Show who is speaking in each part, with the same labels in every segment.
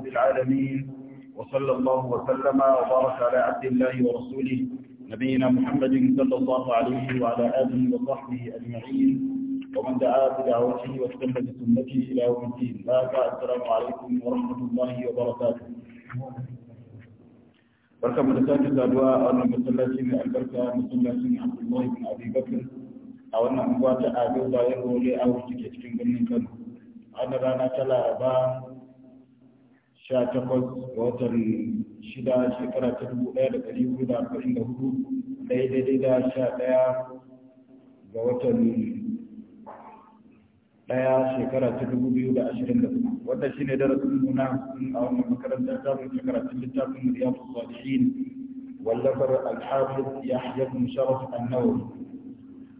Speaker 1: رب العالمين وصلى الله وسلم وبارك على عبد الله ورسوله نبينا محمد صلى الله عليه وعلى آله وصحبه أجمعين ومن دعا بدعوته واستنى بسنته إلى يوم الدين ذاك السلام عليكم ورحمة الله وبركاته بركة مدساك الأدواء أن مسلسين البركة مسلسين عبد الله بن أبي بكر أو أن أموات أبي وضائر ولي أو تكتكين بن كان أنا رانا تلا أبان sha takwas ga watan shida shekara ta dubu ɗaya da ɗari hudu da arba'in da hudu daidai da sha ɗaya ga watan ɗaya shekara ta dubu biyu da ashirin da hudu wanda shi ne darasin nuna a wannan makarantar ta mun shekara ta littafin riyadu salihin wallafar alhafiz yahya bin sharaf annawawi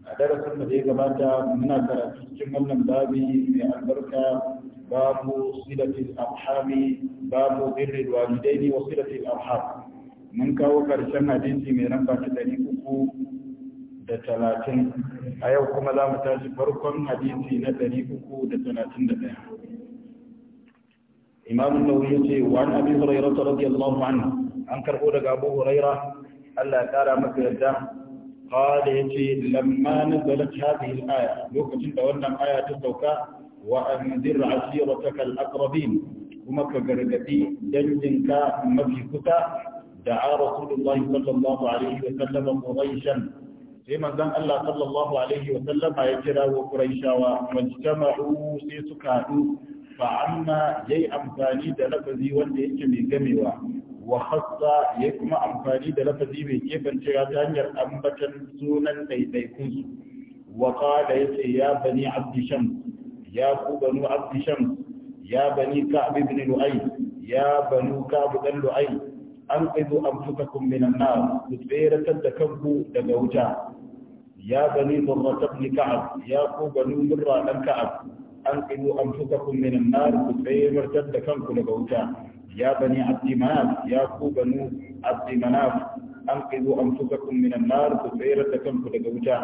Speaker 1: a darasin da ya gabata muna karatu cikin wannan babi mai albarka باب صلة الأرحام باب بر الوالدين وصلة الأرحام من كاو كرشن حديثي من نمبر تدريكو da talatin a yau kuma za mu tashi farkon hadisi na ɗari uku da
Speaker 2: talatin da ɗaya
Speaker 1: imam nawawi ya ce wa an abi hurairah radiyallahu anhu an karɓo daga abu Allah ya kara masa yadda Kada ya ce, "Lamma na aya, lokacin da wannan aya ta sauka wa amzin ra'asi wa kuma ka gargaɗi danjinka mafi kusa da a Rasulullahi sallallahu Alaihi wasallam a Ƙuraishan." Sai mazan Allah sallallahu Alaihi wasallam ya kira wa Ƙuraishawa, "Wanci ta ma'u sai suka haɗu, ba amma yai amfani da lafazi wanda yake mai gamewa, wa hassa ya kuma amfani da lafazi mai cewa ta hanyar ambatan sunan ɗaiɗaikun su wa ya yace ya bani abdi ya ku banu abdi ya bani ka'ab ibn lu'ay ya banu ka'ab dan lu'ay an qidu anfusakum min an-nar tusbiratan da kanku daga wuta ya bani murra ibn ka'ab ya ku banu murra dan ka'ab an qidu anfusakum min an-nar tusbiratan da kanku daga wuta ya bani banu abdimanaf an kizo an suka kumminan ku tsere da kanku daga wuta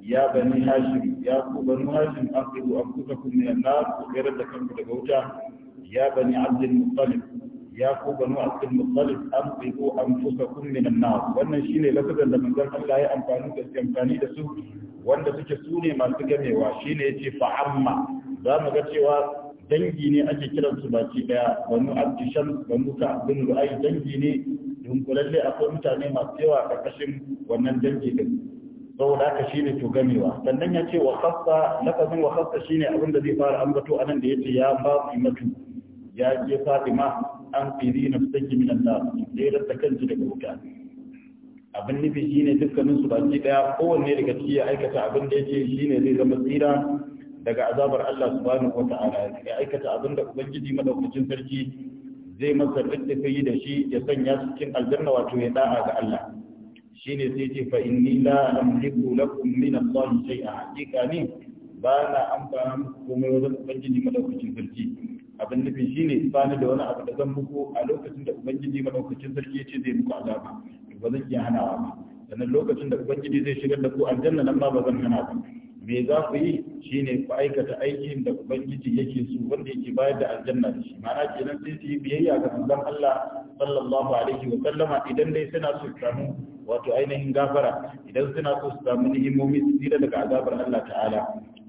Speaker 1: ya bani hashim ya ku banu hashim an kizo an suka kumminan ku tsere da kanku daga wuta ya bani abdul muttalib ya ku banu abdul muttalib an kizo an suka kumminan wannan shine lafazan da manzon Allah ya amfani da shi da su wanda suke sune masu gamewa shine yace fa amma za mu ga cewa dangi ne ake su baki daya banu abdi shams banu ka'ab bin ai dangi ne don kulalle akwai mutane masu yawa kashin wannan dangi din saboda haka shine to gamewa sannan ya ce wa khassa lafazin wa khassa shine abin da zai fara ambato anan da yace ya fatimatu ya ce fatima an na nafsaki min Allah nar dai da kanji daga wuta abin nufi shine dukkanin su baki daya kowanne daga ciki ya aikata abin da yake shine zai zama tsira daga azabar Allah subhanahu wata'ala ya aikata abin da ubangiji madaukakin sarki zai masa riddifi da shi ya sanya su cikin aljanna wato ya da'a ga Allah Shi ne sai ce fa inni la amliku lakum min Allah shay'a hakika ni ba na amfana muku komai wajen ubangiji madaukakin sarki abin nufi shine bani da wani abu da zan muku a lokacin da ubangiji madaukakin sarki ya ce zai muku azaba ba zan iya hanawa ba sannan lokacin da ubangiji zai shigar da ku aljanna nan ma ba zan hana ba me za ku yi shine ku aikata aikin da ubangiji yake so wanda yake bayar da aljanna da shi Mana kenan sai su yi biyayya ga manzon Allah sallallahu alaihi wa sallama idan dai suna so su samu wato ainihin gafara idan suna so su samu ni'imomi su daga azabar Allah ta'ala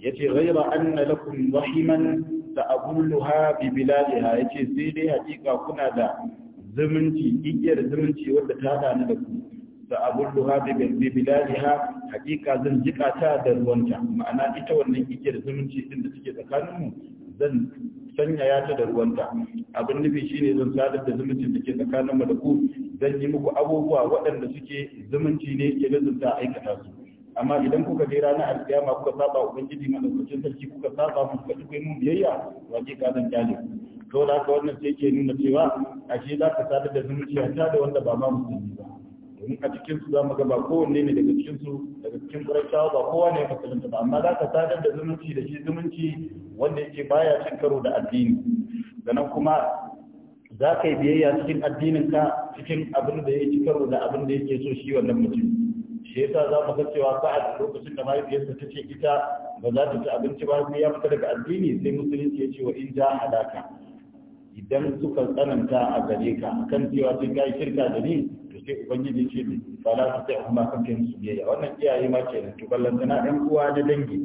Speaker 1: yace ghayra anna lakum rahiman ta'abuluha bi biladiha yace sai dai hakika kuna da zumunci igiyar zumunci wanda ta hada ni da ku da abun duha bi biladiha hakika zan jika da ruwanta ma'ana ita wannan igiyar zumunci din da take tsakaninmu zan sanyaya ta da ruwanta abin nufi shine zan sadar da zumuncin da ke tsakaninmu da ku zan yi muku abubuwa waɗanda suke zumunci ne ke zunta aikata su amma idan kuka je rana alkiyama kuka saba ubangiji madaukakin sarki kuka saba mu kuka tukai mun biyayya wa ke ka zan kyale to da ka wannan sai ke nuna cewa ashe za ka sadar da zumunci ta da wanda ba ma musulmi ba domin a cikinsu zamu ga ba kowanne ne daga cikin su daga cikin Qurayshawa ba kowa ne musulunta ba amma zaka sadar da zumunci da shi zumunci wanda yake baya cin karo da addini sannan kuma za ka yi biyayya cikin addinin ka cikin abin da ya ci karo da abin da yake so shi wannan mutum shi yasa za mu ga a sa'ad lokacin da mahaifiyarsa ta ce ita ba za ta ci abinci ba sai ya fita daga addini sai musulunci ya ce wa in ja halaka idan suka tsananta a gare ka akan cewa sai ka shirka da ni sai ubangiji ce ne ba za su sai amma kan kai su biyayya wannan iyaye ma ke to tana ɗan uwa na dangi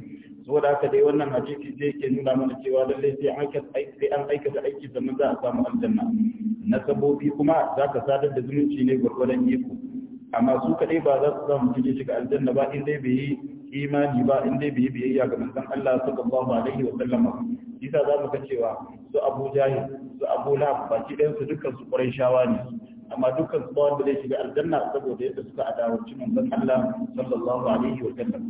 Speaker 1: saboda haka dai wannan hadisi sai ke nuna mana cewa lalle sai an sai an aikata aiki sannan za a samu aljanna na sabobi kuma za ka sadar da zumunci ne gwargwadon iko amma su kadai ba za su samu cikin shiga aljanna ba in dai bai yi imani ba in dai bai yi biyayya ga manzon Allah sallallahu alaihi wa sallam isa za mu ga cewa su Abu Jahil su Abu Lahab baki ɗayan su dukkan su shawa ne amma dukkan su ba wanda zai shiga aljanna saboda yadda suka adawarci manzon Allah sallallahu alaihi wa sallam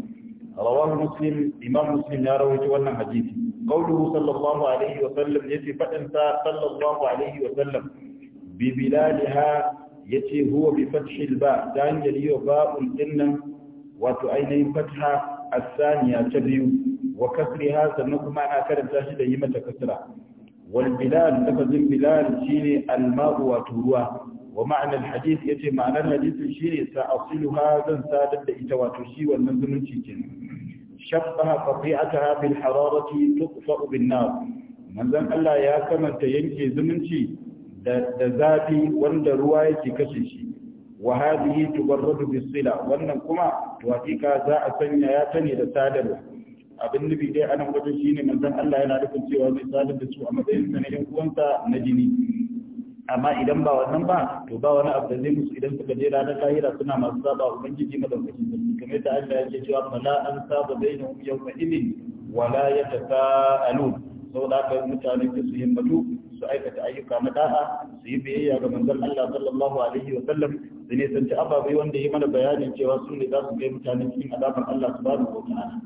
Speaker 1: rawahu muslim imam muslim ya rawaito wannan hadisi qawluhu sallallahu alaihi wa sallam yace fadin sa sallallahu alaihi wa sallam bi bilaliha yace huwa bi fathil ba dan yaliyo ba'un dinnan wato ainihin fatha الثانية تبيو وكسرها سنكم معنا كرم تاشد يمة كسرة والبلال لفظ بلال شيني الماء وتروى wa ma'anar hadith ya ce ma'anar hadithin shi ne sa'asiluha zan sadar da ita wato shi wannan zumunci ke shabbaha ta bil hararati tuqfa bin nar manzon Allah ya kamanta yanke zumunci da da zafi wanda ruwa yake kashe shi wa hadhihi tubarradu bis wannan kuma to hakika za a sanya ya tane da sadarwa abin nufi dai anan wajen shine manzon Allah yana nufin cewa zai sadar da su a matsayin sa na uwansa na jini amma idan ba wannan ba to ba wani abu da zai musu idan suka je ranar kahira suna masu saba ubangiji madaukakin sarki kamar yadda Allah ya ce cewa bala an saba bainahum yawma idin wala yatasaalun saboda haka mutane da su himmatu su aikata ayyuka na da'a su yi biyayya ga manzon Allah sallallahu alaihi wa sallam su ne san ababai wanda ya mana bayanin cewa su ne za su kai mutane cikin azabar Allah subhanahu wa ta'ala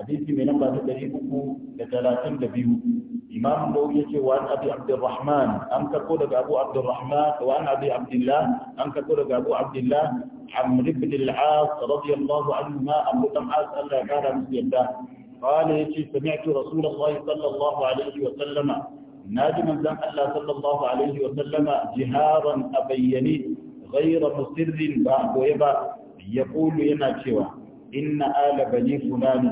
Speaker 1: hadisi mai namba ta 332 imam nawawi yace wa an abi abdurrahman an karko daga abu abdurrahman wa an abi abdullah an karko daga abu abdullah amr ibn al-as radiyallahu anhu ma abu tam'as Allah ya kara musu yadda قال يجي سمعت رسول الله صلى الله عليه وسلم ناجما زم الله صلى الله عليه وسلم جهارا أبيني غير مسر بعد ويبا يقول ينا شوى إن آل بني فلان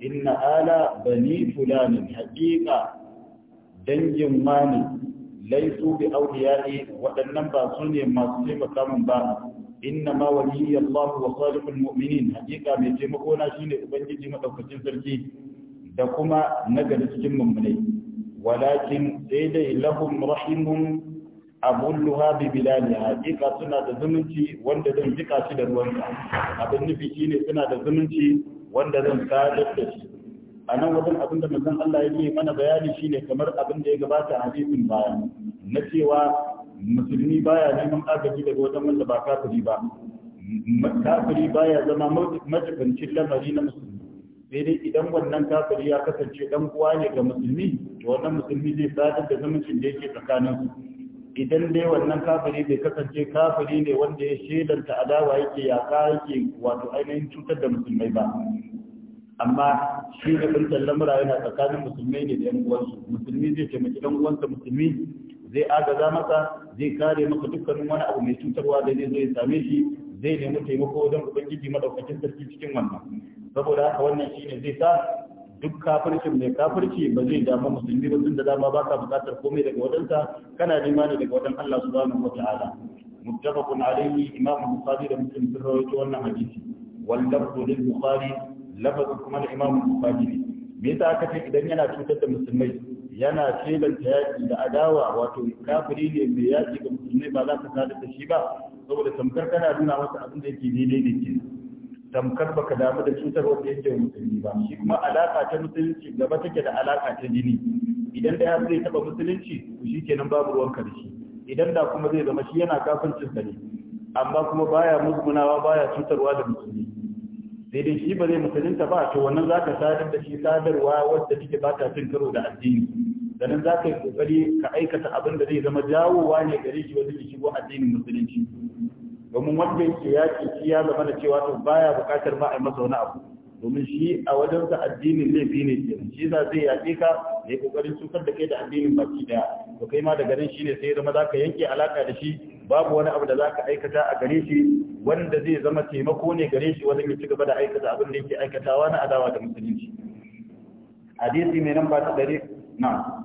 Speaker 1: إن آل بني فلان حقيقة dangin mani laisu bi auliya'i waɗannan ba su ne masu taimaka min ba inna ma waliyyi Allah wa salihul mu'minin hakika mai taimako na shine ubangiji madaukakin sarki da kuma nagari cikin mummunai walakin sai dai lahum rahimun abulluha bi bilaliha hakika suna da zumunci wanda zan jika shi da ruwanka abin nufi shine suna da zumunci wanda zan sadar da shi a nan wajen abin da manzon Allah yake mana bayani shine kamar abin da ya gabata a hadisin baya na cewa musulmi baya neman agaji daga wajen wanda ba kafiri ba kafiri baya zama matsakancin lamari na musulmi sai dai idan wannan kafiri ya kasance dan uwa ne ga musulmi to wannan musulmi zai sadar da zumuncin da yake tsakanin su idan dai wannan kafiri bai kasance kafiri ne wanda ya shedanta adawa yake yaka yake wato ainihin cutar da musulmai ba amma shi da bintan lamura yana tsakanin musulmi ne da yan uwansu musulmi zai taimaki dan uwansa musulmi zai agaza masa zai kare maka dukkanin wani abu mai cutarwa da zai zo ya same shi zai nemi taimako wajen ubangiji madaukakin sarki cikin wannan saboda haka wannan shine zai sa duk kafircin mai kafirci ba zai damu musulmi ba tunda dama ba ka bukatar komai daga wajensa kana nema ne daga wadan Allah subhanahu wataala muttafaqun alayhi imamu bukhari da muslim sun wannan hadisi wal lafzu lil bukhari lafazin kuma na imam bukhari ne me yasa aka ce idan yana cutar da musulmai yana ta yaƙi da adawa wato kafiri ne mai yaƙi ga musulmai ba za ka sadar da shi ba saboda tamkar kana nuna masa abin da yake daidai da ke tamkar baka damu da cutar wanda yake musulmi ba shi kuma alaka ta musulunci gaba take da alaka ta jini idan da har zai taba musulunci to kenan babu ruwan karshe idan da kuma zai zama shi yana kafincin sa ne amma kuma baya musgunawa baya cutarwa da musulmi sai dai shi ba zai musulunta ba to wannan za ka sadar da shi sadarwa wadda take ba ta cin karo da addini sannan za ka yi kokari ka aikata abin da zai zama jawowa ne gare shi wajen shigo addinin musulunci domin wanda yake yaƙi shi ya zama da cewa to baya bukatar ba a masa wani abu domin shi a wajen sa addinin laifi ne ke shi za zai yaƙe ka ya yi kokarin cutar da kai da addinin baki daya to kai ma daga nan ne sai zama za ka yanke alaka da shi babu wani abu da za ka aikata a gare shi wanda zai zama taimako ne gare shi wajen ya ci gaba da aikata abin da yake aikatawa na adawa da musulunci hadisi mai nan ba ta dare na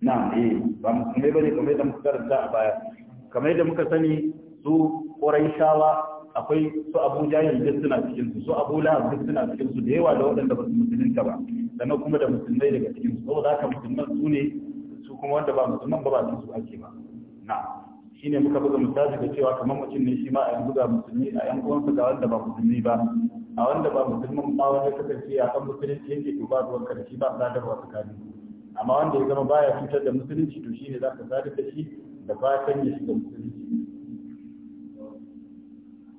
Speaker 1: na eh ba musulmai bane kamar yadda muka karanta a baya kamar yadda muka sani su shawa akwai su abu jahil duk suna cikin su su abu lahab duk suna cikin su da yawa da waɗanda ba su musulunta ba sannan kuma da musulmai daga cikin su saboda haka musulman su ne su kuma wanda ba musulman ba ba su su ake ba na shine muka buga misali da cewa kamar mutum ne shi ma a yanzu ga musulmi a yan uwansa ga wanda ba musulmi ba a wanda ba musulman ba wanda kace a kan musulunci yake to ba ruwanka da shi ba sadarwa tsakanin amma wanda ya zama baya cutar da musulunci to shine zaka sadar da shi da fatan ya shiga musulunci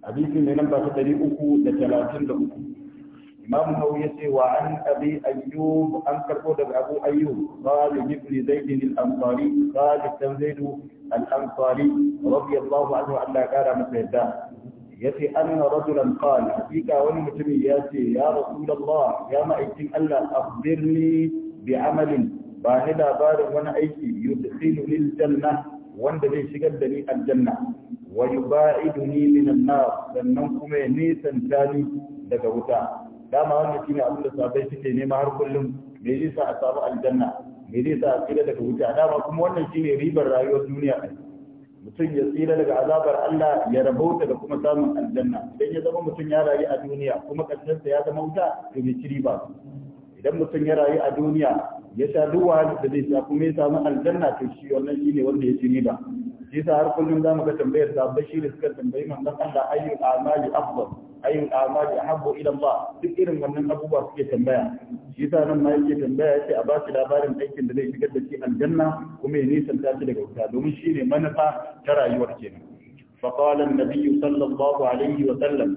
Speaker 1: hadisin ne nan ba ta ɗari uku da talatin da uku imam nau ya ce wa an abi ayyub an karbo daga abu ayyub salih ibn zaid al-ansari salih dan al-ansari radiyallahu anhu Allah kara masa yadda yace anna rajulan qala hakika wani mutumi ya ce ya rasulullah ya ma'aikin Allah akhbirni bi amalin ba ni labarin wani aiki yudkhilu lil janna wanda zai shigar da ni aljanna wa yuba'iduni min an-nar sannan kuma ya nisanta ni daga wuta dama wanda shine abin da sabai suke nema har kullum me yasa a samu aljanna me yasa a tsira daga wuta dama kuma wannan shine ribar rayuwar duniya ne mutum ya tsira daga azabar Allah ya rabauta da kuma samun aljanna idan ya zama mutum ya rayu a duniya kuma karshensa ya zama wuta to me ci riba idan mutum ya rayu a duniya ya sha duk da zai sha kuma ya samu aljanna to shi wannan shine wanda ya ci riba shi har kullum zamu ga tambayar sahabbai shi ne suka tambayi manzon Allah ayyul a'mali afdal ayyul a'mali ahabbu ila Allah duk irin wannan abubuwa suke tambaya shi nan ma yake tambaya yace a ba shi labarin aikin da zai shigar da shi aljanna kuma ya nisanta shi daga wuta domin shi ne manufa ta rayuwar kenan فقال النبي صلى الله عليه وسلم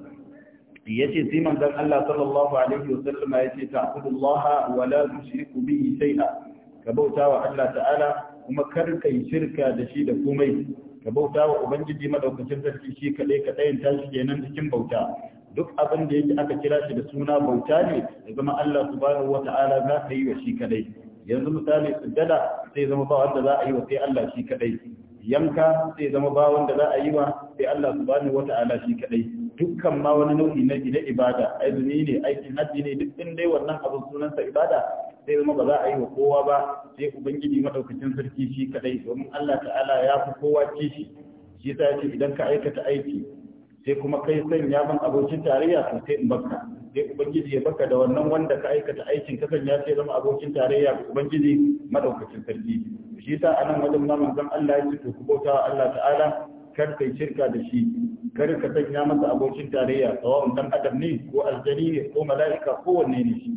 Speaker 1: yace sai manzon Allah sallallahu alaihi wasallam yace ta'budullaha wa la tushriku bihi shay'a ka bautawa Allah ta'ala kuma kar ka yi shirka da shi da komai ka bauta wa ubangiji madaukakin sarki shi kaɗai ka ta shi kenan cikin bauta duk abin da yake aka kira shi da suna bauta ne ya zama Allah subhanahu wata'ala za ka yi wa shi kaɗai yanzu misali sujjada sai zama ba wanda za a yi wa sai Allah shi kaɗai yanka sai zama ba wanda za a yi wa sai Allah subhanahu wata'ala shi kaɗai dukkan ma wani nau'i na ina ibada azumi ne aikin haji ne duk din dai wannan abin sunansa ibada sai zama ba za a yi wa kowa ba sai ubangiji madaukakin sarki shi kadai domin Allah ta'ala ya fi kowa kishi shi yasa yace idan ka aikata aiki sai kuma kai ya ban abokin tarayya to sai in baka sai ubangiji ya baka da wannan wanda ka aikata aikin ka ya sai zama abokin tarayya ubangiji madaukakin sarki shi yasa anan wajen ma manzon Allah ya ci to ku bauta Allah ta'ala kar kai shirka da shi kar ka sanya masa abokin tarayya tsawon dan adam ne ko aljani ne ko mala'ika ko wanne ne shi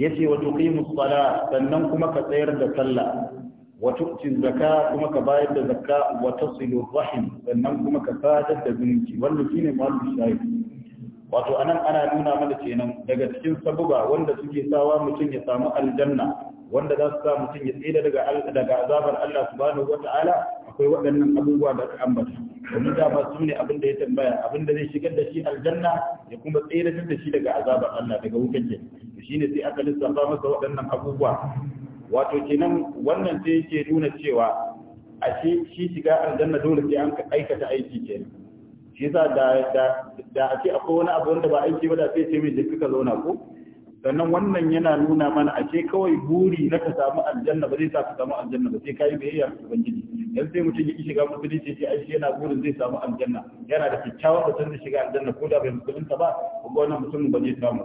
Speaker 1: yace wa tuqimus sala sannan kuma ka tsayar da sallah wa tu'ti zakka kuma ka bayar da zakka wa tasilu rahim sannan kuma ka sadar da zumunci wannan shine mu'allim shahid wato anan ana nuna mana kenan daga cikin sabuba wanda suke sawa mutum ya samu aljanna wanda za su sa mutum ya tsira daga daga azabar Allah subhanahu wata'ala akwai waɗannan abubuwa da aka ambata domin ba su ne abin da ya tambaya abin da zai shigar da shi aljanna ya kuma tseratar da shi daga azabar Allah daga wukan ke to shine sai aka lissafa masa waɗannan abubuwa wato kenan wannan sai yake nuna cewa a shi shiga aljanna dole sai an aikata aiki kenan shi yasa da da da akwai wani abu wanda ba aiki ba da sai ce mai da zauna ko sannan wannan yana nuna mana a kawai buri na ka samu aljanna ba zai sa ka samu aljanna ba sai kai biyayya ga ubangiji yanzu sai mutum ya shiga musulunci ce ai yana burin zai samu aljanna yana da kyakkyawan batun da shiga aljanna ko da bai musulunta ba kuma wannan mutum ba zai samu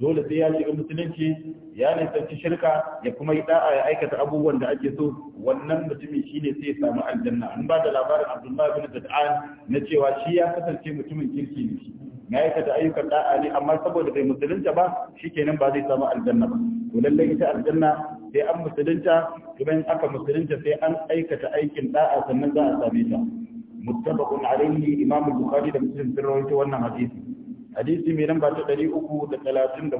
Speaker 1: dole sai ya shiga musulunci ya nisanci shirka ya kuma yi da'a ya aikata abubuwan da ake so wannan mutumin shine sai ya samu aljanna an ba da labarin abdullahi bin zad'an na cewa shi ya kasance mutumin kirki ne ya aikata ayyukan da'a ne amma saboda bai musulunta ba shikenan ba zai samu aljanna ba to lallai ita aljanna sai an musulunta kuma in aka musulunta sai an aikata aikin da'a sannan za a same ta muttafaqun alayhi imam al-bukhari da muslim sun rawaito wannan hadisi hadisi mai lamba ta 334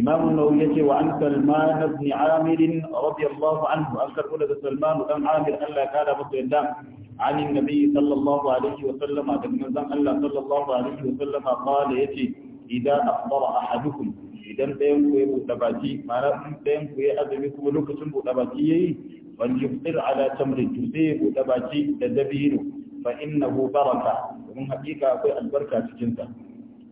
Speaker 2: إمام النووي وعن سلمان
Speaker 1: بن عامر رضي الله عنه أنكر ولد سلمان بن Allah ya kada مصر الدم عن النبي صلى الله عليه وسلم من زن الله صلى الله عليه وسلم قال يتي إذا أفضل أحدكم idan ɗayan ku ya buɗe baki in ɗayan ku ya azumi kuma lokacin buɗe baki yayi wani yuftir ala tamrin to ya buɗe da dabino fa innahu baraka domin hakika akwai albarka cikin sa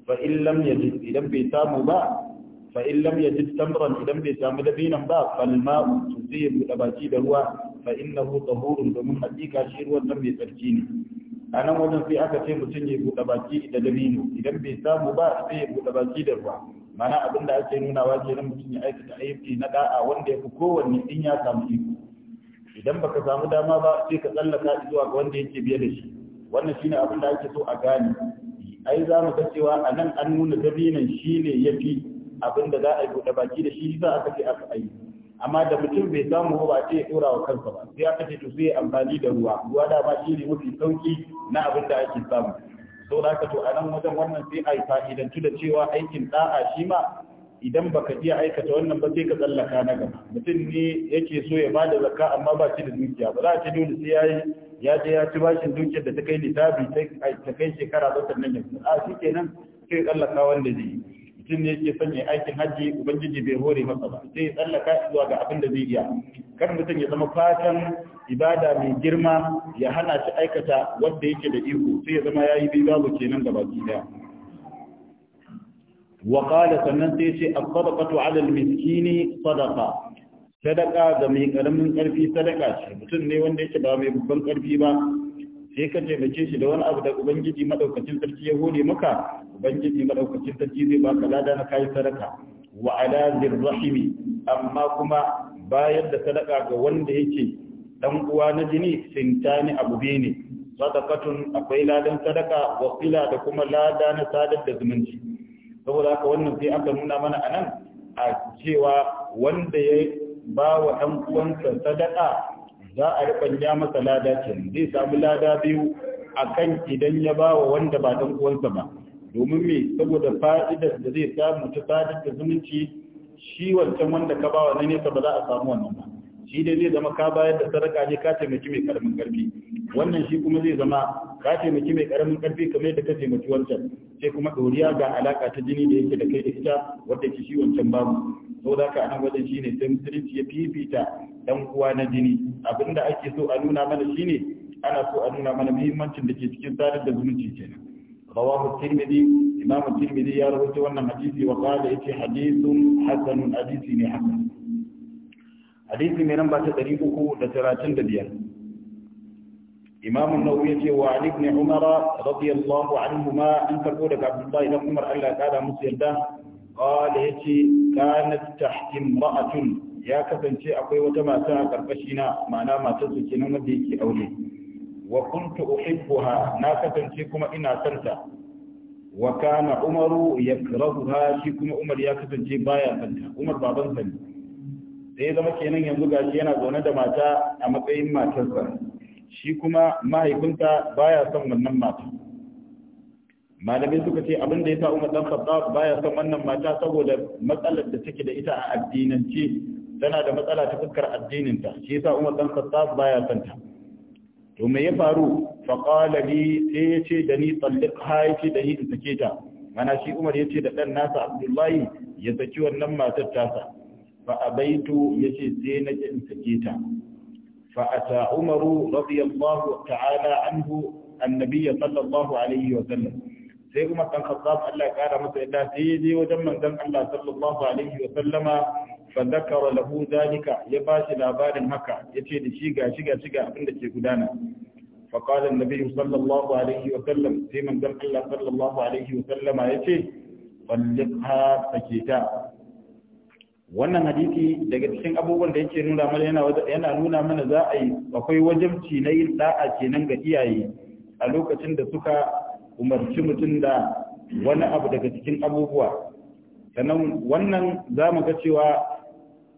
Speaker 1: fa in lam idan bai samu ba fa in lam yajid tamran idan bai samu dabinan ba fal ma'u to ya buɗe baki da ruwa fa innahu tahurun domin hakika shi ruwan nan mai tsarki ne a nan wajen sai aka ce mutum ya buɗe baki da dabino idan bai samu ba sai ya buɗe baki da ruwa mana abin da ake nunawa nan mutum ya aikata aiki na da'a wanda ya fi kowanne in ya samu iko idan baka samu dama ba sai ka tsallaka zuwa ga wanda yake biye da shi wannan shine abin da ake so a gane ai za mu ga cewa a nan an nuna dabinan shine yafi abin da za a yi buɗe baki da shi za a ce aka ayi amma da mutum bai samu ba ce ya dora wa kansa ba sai aka ce to sai amfani da ruwa ruwa da ba shi ne mafi sauki na abin da ake samu so da ka to a nan wajen wannan sai a yi fa'idantu da cewa aikin da'a shi ma idan baka iya aikata wannan ba sai ka tsallaka na gaba mutum ne yake so ya bada zakka amma ba shi da dukiya ba za a ce dole sai yayi ya je ya ci bashin dukiyar da ta kai lissafi ta kai shekara zautar nan ya a shi kenan sai tsallaka wanda zai yi mutum ne yake sanya aikin hajji ubangiji bai hore masa ba sai ya tsallaka zuwa ga abin da zai iya kar mutum ya zama fatan ibada mai girma ya hana shi aikata wanda yake da iko sai ya zama yayi bai babu kenan da baki daya wa qala sannan sai ce as-sadaqatu 'ala al-miskini sadaqa sadaqa ga mai karamin karfi sadaka ce mutum ne wanda yake ba mai babban karfi ba sai ka taimake shi da wani abu da ubangiji madaukakin sarki ya hore maka ubangiji madaukakin sarki zai baka lada na kayi sadaka wa ala zirrahimi amma kuma bayar da sadaka ga wanda yake dan uwa na jini sintani abu biyu ne sadakatun akwai ladan sadaka wa kila da kuma lada na sadar da zumunci saboda haka wannan sai aka nuna mana anan a cewa wanda ya ba wa ɗan uwansa sadaka za a rubanya masa lada ce zai samu lada biyu a kan idan ya ba wa wanda ba dan uwansa ba domin mai saboda fa'idar da zai samu ta sadar da zumunci shi wancan wanda ka ba wa na nesa ba za a samu wannan ba shi dai zai zama ka bayar da sadaka ne ka taimaki mai karamin karfi wannan shi kuma zai zama ka taimaki mai karamin karfi kamar yadda ka taimaki wancan sai kuma doriya ga alaka ta jini da yake da kai da ita wadda ke shi wancan babu saboda ka nan wajen ne sai musulunci ya fifita dan uwa na jini abinda ake so a nuna mana shine ana so a nuna mana muhimmancin da ke cikin sadar da zumunci kenan rawahu tirmidhi imamu tirmidhi ya rawaito wannan hadisi wa ya yace hadithun hasanun hadisi ne hasan hadisi mai lamba ta uku da talatin 335 imam an-nawawi ce wa ali ibn umar radiyallahu ma an farko daga abdullahi ibn umar Allah ya kada musu yarda qala yace kanat tahti imra'atun ya kasance akwai wata mata a karkashi na ma'ana matar su kenan wanda yake aure wa kuntu uhibbuha na kasance kuma ina santa wa kana umaru yakrahuha shi kuma umar ya kasance baya santa umar baban sani sai ya zama kenan yanzu gashi yana zaune da mata a matsayin matarsa shi kuma mahaifinta baya son wannan mata malamai suka ce abin da ya sa Umar dan Khattab baya son wannan mata saboda matsalar da take da ita a addinance tana da matsala ta fuskar addininta shi yasa Umar dan Khattab baya son ta to me ya faru fa qala bi sai ya ce da ni talliqha yace da ni in sake ta mana shi Umar yace da dan nasa Abdullahi ya saki wannan matar tasa fa abaitu yace sai na kin sake ta fa ata umaru radiyallahu ta'ala anhu annabi sallallahu sai kuma dan khattab Allah ya kara masa yadda sai je wajen manzon Allah sallallahu alaihi wa sallama fa zakara lahu zalika ya bashi labarin haka yace da shi shiga shiga abin da ke gudana فقال النبي صلى الله عليه وسلم في من دم الله صلى الله عليه وسلم يتي طلقها سكيتا wannan hadisi daga cikin abubuwan da yake nuna mana yana yana nuna mana za a yi akwai wajibci na yin da'a kenan ga iyaye a lokacin da suka umarci mutum da wani abu daga cikin abubuwa sannan wannan za mu ga cewa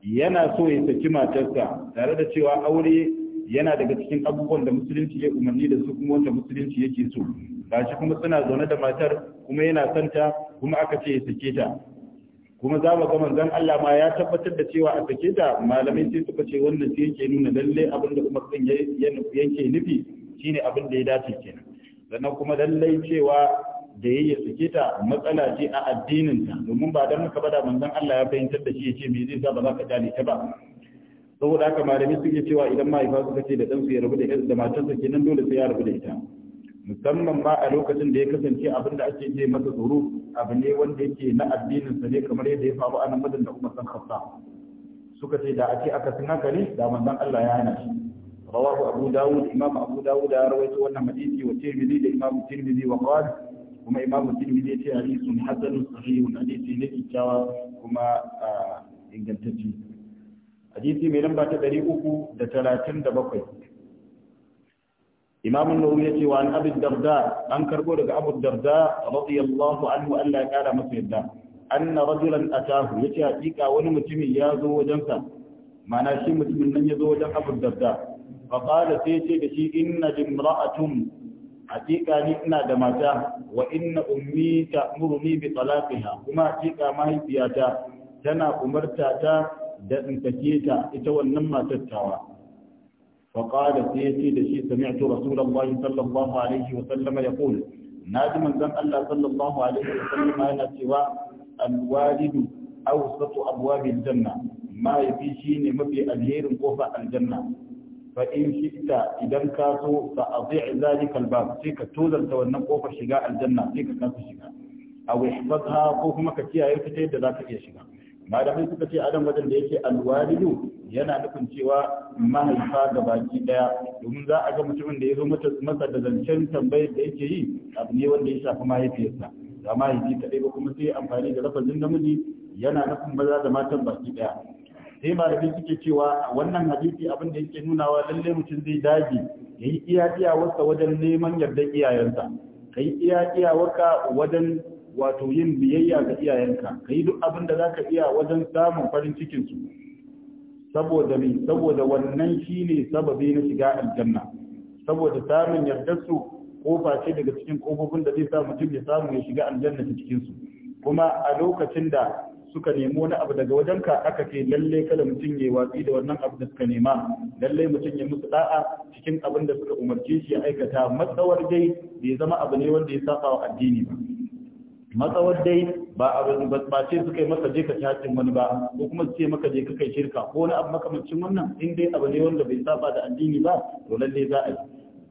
Speaker 1: yana so ya saki matarsa tare da cewa aure yana daga cikin abubuwan da musulunci ya umarni da su kuma wanda musulunci yake so gashi kuma suna zaune da matar kuma yana santa kuma aka ce ya sake ta kuma za mu ga manzon Allah ma ya tabbatar da cewa a take da malamai sai suka ce wannan shi yake nuna lalle abin da Umar din yake nufi shine abin da ya dace kenan sannan kuma lalle cewa da yayi sake matsala ce a addinin ta domin ba dan ka ba manzon Allah ya fahimtar da shi yace me zai sa ba za ka dale ta ba saboda haka malami suke cewa idan mahaifa suka ce da su ya rabu da matarsa kenan dole sai ya rabu da ita musamman ba a lokacin da ya kasance abin da ake je masa tsoro abu ne wanda yake na addinin sa ne kamar yadda ya faru a nan madan da Umar san Khattab suka ce da ake aka sun haka ne da manzon Allah ya hana shi rawahu Abu Dawud Imam Abu Dawud ya rawaito wannan hadisi wa Tirmidhi da Imam Tirmidhi wa qala kuma Imam Tirmidhi ya ce hadisun hasanun sahihun hadisi ne kikkiawa kuma ah, ingantacce hadisi mai lamba ta 337 imam an-nawawi yace wa an abi darda an karbo daga abu darda radiyallahu anhu Allah ya kara masa yadda anna rajulan atahu yace hakika wani mutumin ya zo wajen sa mana shi mutumin nan ya zo wajen abu darda fa qala sai yace da shi inna limra'atun hakika ni ina da mata wa inna ummi ta'muruni bi talaqiha kuma hakika mahaifiyata tana umarta ta da in take ta ita wannan matar tawa فقال سيتي دشي سمعت رسول الله صلى الله عليه وسلم يقول نادم زم الله صلى الله عليه وسلم أنا سوى الوالد أوسط أبواب الجنة ما يفي شيني مبي الهير قفا الجنة فإن شئت إذا كاسو فأضيع ذلك الباب سيك توزن تولنا قفا شقاء الجنة سيك كاسو شقاء أو احفظها قفا مكتيا يفتيد ذاك يشقاء malamai suka ce adam wajen da yake alwaliyu yana nufin cewa mahaifa ga baki daya domin za a ga mutumin da ya zo masa da zancen tambayar da yake yi abu ne wanda ya shafi mahaifiyarsa ga mahaifi kaɗai ba kuma sai amfani da lafazin namiji yana nufin maza da matan baki daya sai malamai suke cewa wannan hadisi abin da yake nunawa lallai mutum zai dage yayi yi iya iyawarsa wajen neman yardar iyayensa ka yi iya wajen wato yin biyayya ga iyayenka ka yi duk abin da za ka iya wajen samun farin cikinsu saboda mai saboda wannan shi ne sababi na shiga aljanna saboda samun yardarsu kofa ce daga cikin kofofin da zai sa mutum ya samu ya shiga aljanna ta cikinsu kuma a lokacin da suka nemo wani abu daga wajenka aka ce lalle kada mutum ya watsi da wannan abu da suka nema lalle mutum ya musu da'a cikin abin da suka umarce shi ya aikata matsawar dai bai zama abu ne wanda ya saba wa addini ba matsawar dai ba abu ba ce suka yi masa je ka wani ba ko kuma su ce maka je kai shirka ko wani abu makamancin wannan in dai abu ne wanda bai saba da addini ba to lalle za a yi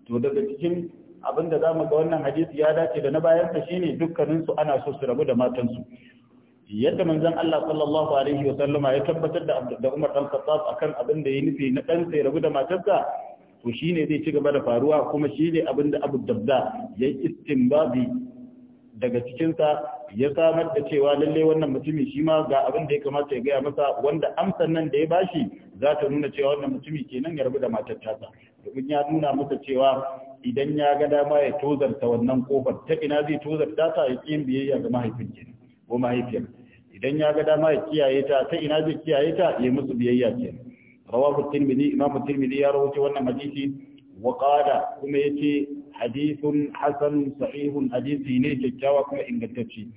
Speaker 1: to daga cikin abin da za mu ga wannan hadisi ya dace da na bayan ka shine dukkanin su ana so su rabu da matan su yadda manzon Allah sallallahu alaihi wa sallama ya tabbatar da da Umar dan Khattab akan abin da ya nufi na dan sai rabu da matarsa to shine zai ci gaba da faruwa kuma shine abin da Abu Dabda ya istinbabi daga cikinsa ya samar da cewa lalle wannan mutumi shi ma ga abin da ya kamata ya gaya masa wanda amsan nan da ya bashi za ta nuna cewa wannan mutumi kenan ya rabu da matar tasa domin ya nuna masa cewa idan ya ga dama ya tozarta wannan kofar ta ina zai tozarta ta ya kiyin biyayya ga mahaifin kenan ko mahaifiyar idan ya ga dama ya kiyaye ta ta ina zai kiyaye ta ya musu biyayya ke? rawahu tirmidhi imamu tirmidhi ya rawaito wannan hadisi wa qala kuma yace hadithun hasanun sahihun hadisi ne kyakkyawa kuma ingantacce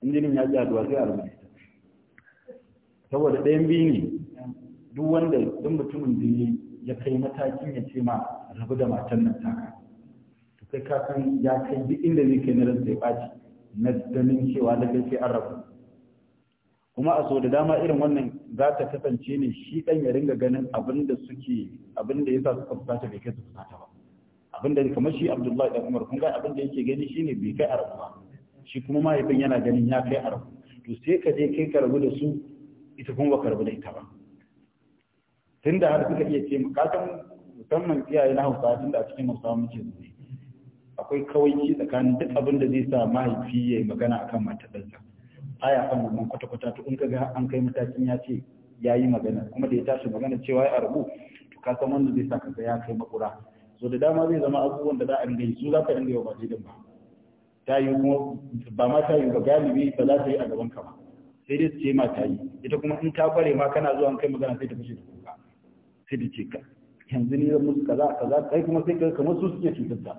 Speaker 1: injinin ya ji aduwa sai a rubuta saboda ɗayan biyu ne duk wanda duk mutumin da ya yi ya kai matakin ya ce ma rabu da matan nan taka to kai ka san ya kai duk inda zai kai na ran zai baci na ganin cewa da kai an rabu kuma a so da dama irin wannan za ta kasance ne shi dan ya ringa ganin abin da suke abin da yasa suka fusata bai kai su fusata ba abin da kamar shi Abdullahi da Umar kun ga abin da yake gani shine bai kai arabu ba shi kuma mahaifin yana ganin ya kai arabu to sai ka je kai ka rabu da su ita kuma ba ka rabu da ita ba tunda har suka iya ce kasan musamman iyaye na hausa tunda a cikin hausa muke zuwa akwai kawaici tsakanin duk abin da zai sa mahaifi ya yi magana a kan matadarsa aya kan wannan kwata-kwata to in ka ga an kai matakin ya ce ya yi magana kuma da ya tashi magana cewa ya rabu to ka san wanda zai sa ka ga ya kai makura so da dama zai zama abubuwan da za a ringa yi su za ka ringa yawa ba ba ta yi kuma ba ma ta yi ba galibi ba za ta yi a gaban ka ba sai dai su ce ma ta yi
Speaker 2: ita kuma in ta kware ma kana
Speaker 1: zuwa an kai magana sai ta fashe da kuma sai da ce ka yanzu ni zan musu kaza kaza kai kuma sai ka kamar su suke cutar da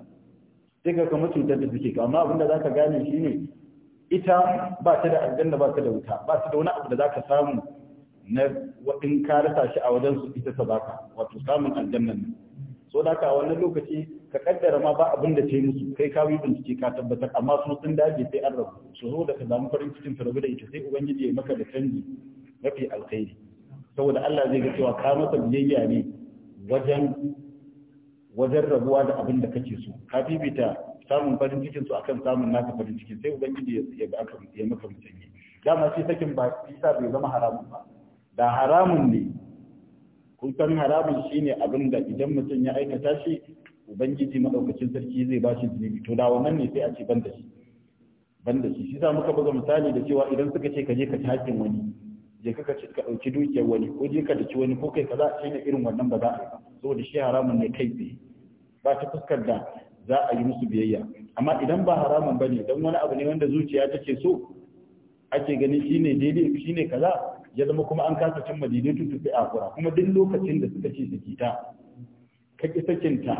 Speaker 1: sai ka kamar cutar da suke amma abin da zaka gane shine ita ba ta da aljanna ba ta da wuta ba ta da wani abu da zaka samu na in ka rasa shi a wajen su ita ta baka wato samun aljannan nan so da ka a wannan lokaci ka kaddara ma ba abin da ta yi musu kai ka yi bincike ka tabbatar amma su sun dage sai an rabu su zo da ka samu farin cikin ta rabu da ita sai ubangiji ya maka da canji mafi alkhairi saboda Allah zai ga cewa ka masa biyayya ne wajen wajen rabuwa da abin da kake so ka bibita samun farin cikin su akan samun naka farin cikin sai ubangiji ya ga aka ya maka da ma sai sakin ba isa bai zama haramun ba da haramun ne kun san haramun shine abin da idan mutum ya aikata shi ubangiji madaukakin sarki zai ba shi zunubi to da wannan ne sai a ce ban da shi banda shi shi sa muka buga misali da cewa idan suka ce ka je ka ci hakkin wani je ka ka ɗauki dukiyar wani ko je ka daci wani ko kai kaza a ne irin wannan ba za a yi ba saboda shi haramun ne kai tsaye ba ta fuskar da za a yi musu biyayya amma idan ba haramun ba ne don wani abu ne wanda zuciya take so ake ganin shi ne daidai shi ne kaza ya zama kuma an kasa cin madina tutu sai a kura kuma duk lokacin da suka ce suke ta ka ki sakinta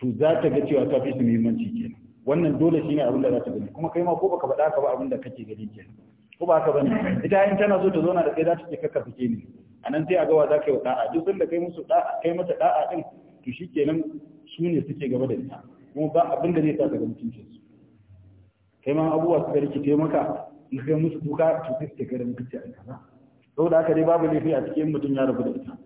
Speaker 1: to za ta ga cewa ta fi su muhimmanci kenan wannan dole shine abin da za ta gani kuma kai ma ko baka faɗa ka ba abin da kake gani kenan ko ba haka bane ita in tana so ta zauna da kai za ta ce kakka fice ni anan sai a wa za ka yi da'a duk sun da kai musu da'a kai mata da'a din to shikenan su ne suke gaba da ita kuma ba abin da zai sa ka ga mutuncin su kai ma abubuwa suka rikice maka in kai musu kuka to sai ka ga mutunci a kaza saboda haka dai babu laifi a cikin mutum ya rabu da ita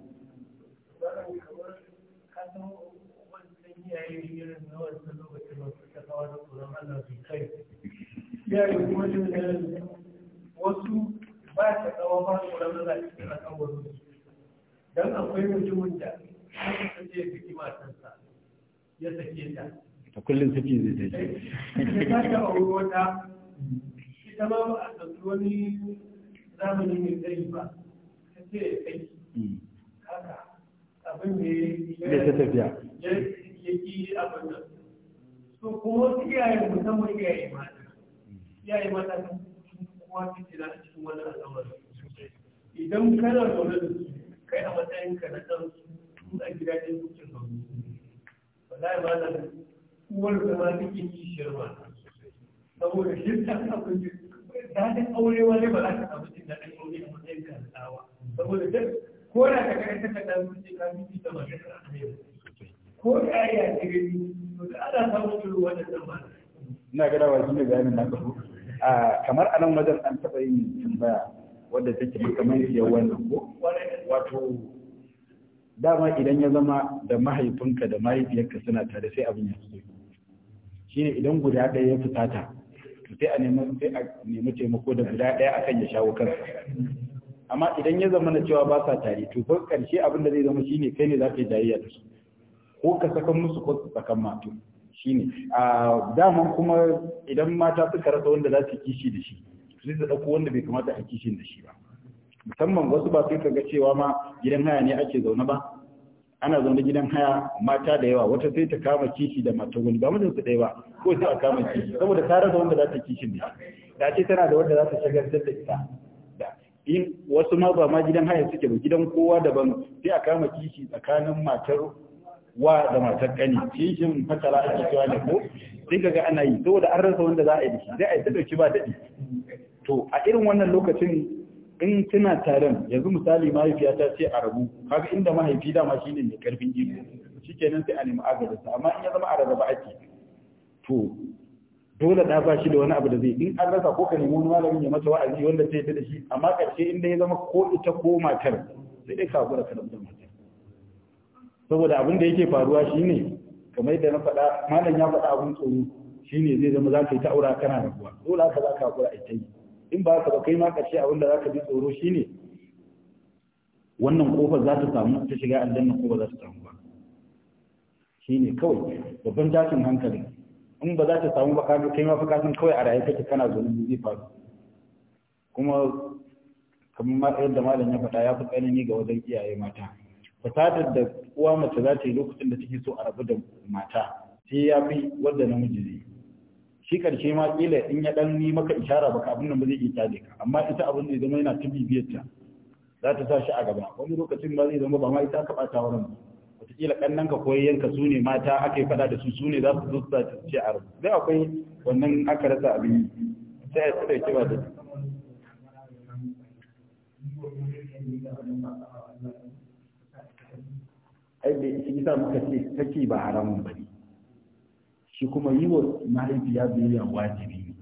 Speaker 2: Yeah, wasu ba ta tsawa ba su ranar da cikin al'amuran su don akwai mutumin da aka sace ya saki matarsa ya sake ta
Speaker 1: a kullum saki zai ta ce ta ta auri
Speaker 2: wata ita ma ba a ɗauki wani zamani mai tsayi ba ta ce ya kai hmm. haka abin da ya ta tafiya ya ki abin nan so kuma iyayen musamman iyaye mata hmm. iyaye mata sun uwa ce za ta cikin wannan al'amarin idan kana zaune da su kai a matsayin ka na ɗan su a gida ɗin kucin zaune wallahi ba na uwar zama take kishiyar ma saboda shi ta abin da za daɗin aure wani ba za ka samu jin daɗin aure a matsayin ka tsawa saboda duk ko da ka kai ta kaɗa mun ce ka fi ta magana a yau ko da ya ce gani to da ana samun irin wannan tsammanin
Speaker 1: ina gadawa shi ne bayanin na ka kamar a nan wajen an taɓa yin tambaya wadda take ya wannan
Speaker 2: ko wato
Speaker 1: dama idan ya zama da mahaifinka da mahaifiyarka suna tare sai abin ya fito shi ne idan guda ɗaya ya fusata to sai a nemi sai a nemi taimako da guda ɗaya akan ya shawo kansa amma idan ya zama na cewa ba sa tare to fa karshe abin da zai zama shine kai ne za ka yi jayayya da su ko ka saka musu ko ka saka ma shine a daman kuma idan mata suka rasa wanda za su kishi da shi sai su ɗauko wanda bai kamata a kishin da shi ba musamman wasu ba sai kaga cewa ma gidan haya ne ake zaune ba ana zaune gidan haya mata da yawa wata sai ta kama kishi da mata wani ba mijin su ɗaya ba ko sai a kama kishi saboda ta rasa wanda za ta kishin da shi ta ce tana da wanda za ta shagar da ita in wasu ma ba ma gidan haya suke ba gidan kowa daban sai a kama kishi tsakanin matar wa da matar kani kishin fatara ake cewa ne ko sai ga ana yi saboda an rasa wanda za a yi shi, sai a yi ta dauki ba dadi to a irin wannan lokacin in tana taron yanzu misali mahaifiya ta ce a rabu kaga inda mahaifi dama shine mai karfin iko shikenan sai a nemi agajinsa amma in ya zama a rarraba ake to dole da ba shi da wani abu da zai in an rasa ko ka nemi wani malamin ya mata wa'azi wanda zai ta da shi amma karshe inda ya zama ko ita ko matar sai dai ka gura ka da mutum saboda abin da yake faruwa shine kamar yadda na faɗa malam ya faɗa abin tsoro shine zai zama za ka yi ta'ura kana rabuwa dole haka za ka haƙura a ita yi in ba ka ba kai ma ƙarshe abin da za ka ji tsoro shine wannan ƙofar za ta samu ta shiga aljanna ko ba za ta samu ba shine kawai babban tashin hankali in ba za ta samu ba kai ma fa kawai a rayuwa kake kana zuwa zai faru kuma kamar yadda malam ya faɗa ya fi tsanani ga wajen iyaye mata fasadar da uwa mace za ta yi lokacin da take so a rabu da mata sai ya fi wadda namiji zai shi karshe ma kila in ya dan yi maka ishara baka abin nan ba zai iya tade ka amma ita abin da zama yana ta biyar ta za ta sa shi a gaba wani lokacin ba zai zama ba ma ita aka bata wurin ba wataƙila ƙannan ka koyayyanka su ne mata aka yi fada da su su ne za su zo su ce a rabu akwai wannan aka rasa abin sai a tsira ba da ai bai shi isa muka ce take ba haramun ba ne shi kuma yi wa mahaifiya biyayya wajibi ne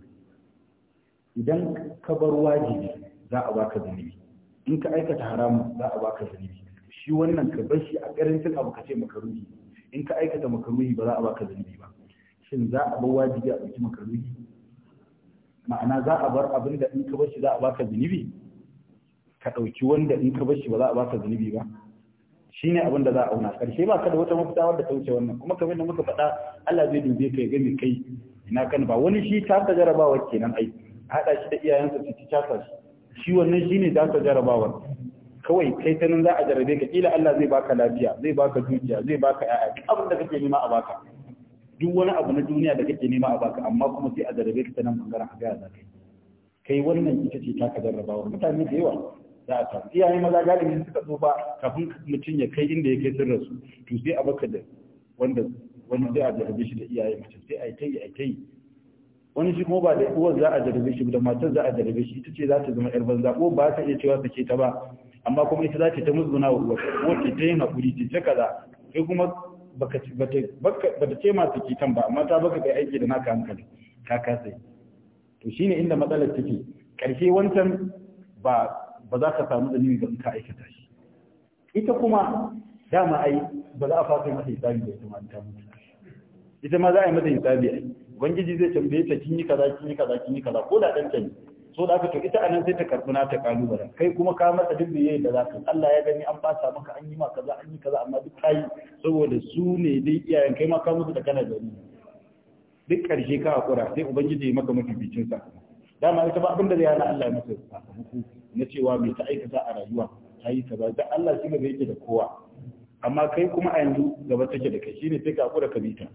Speaker 1: idan ka bar wajibi za a baka zunubi in ka aikata haramun za a baka zunubi shi wannan ka bar shi a karancin abu ka ce makaruhi in ka aikata makaruhi ba za a baka zunubi ba shin za a bar wajibi a ɗauki makaruhi ma'ana za a bar abin da in ka bar shi za a baka zunubi ka ɗauki wanda in ka bar shi ba za a baka zunubi ba shine abin da za a auna karshe ba ka da wata mafita wadda ta wuce wannan kuma kamar da muka faɗa Allah zai dube ka ya gami kai ina kan ba wani shi ta ta jarabawa kenan ai haɗa shi da iyayensa su ci casa shi shi wannan shine ta ta jarabawa kawai kai ta nan za a jarabe ka kila Allah zai baka lafiya zai baka zuciya zai baka ƴaƴa abin da kake nema a baka duk wani abu na duniya da kake nema a baka amma kuma sai a jarabe ka ta nan bangaren a gaya za kai kai wannan ita ce taka jarrabawar mutane da yawa za a samu iyaye maza galibi suka tsufa kafin mutum ya kai inda ya kai sun rasu to sai a baka da wanda wani sai a jarabe shi da iyaye mace sai a yi tai a tai wani shi kuma ba da uwar za a jarabe shi da matar za a jarabe shi ita ce za ta zama yar banza ko ba ta iya cewa ke ta ba amma kuma ita za ta ta musguna wa uwar ko ta ta yin hakuri ta kaza sai kuma baka bata ce ma kitan ba amma ta baka kai aiki da naka hankali ka kasa to shine inda matsalar take karshe wancan ba ba za ka samu da ba in ka aikata shi ita kuma dama ai ba za a fasa mata hisabi da ita ma ta mutu ita ma za a yi mata hisabi ai ubangiji zai tambaye ta kin yi kaza kin yi kaza kin yi kaza ko da ɗanta ne so da aka to ita anan sai ta karɓi na ta kalubalen kai kuma ka masa duk biye da za ka Allah ya gani an fasa maka an yi ma kaza an yi kaza amma duk kai saboda su ne dai iyayen kai ma ka musu da kana gani duk ƙarshe ka hakura sai ubangiji ya maka mafi bicin sakamako dama ita ba abinda zai hana Allah ya masa sakamako na cewa mai ta aikata a rayuwa ta yi kaza da Allah shi ne yake da kowa amma kai kuma a yanzu gaba take da kai shine sai ka kura ka bita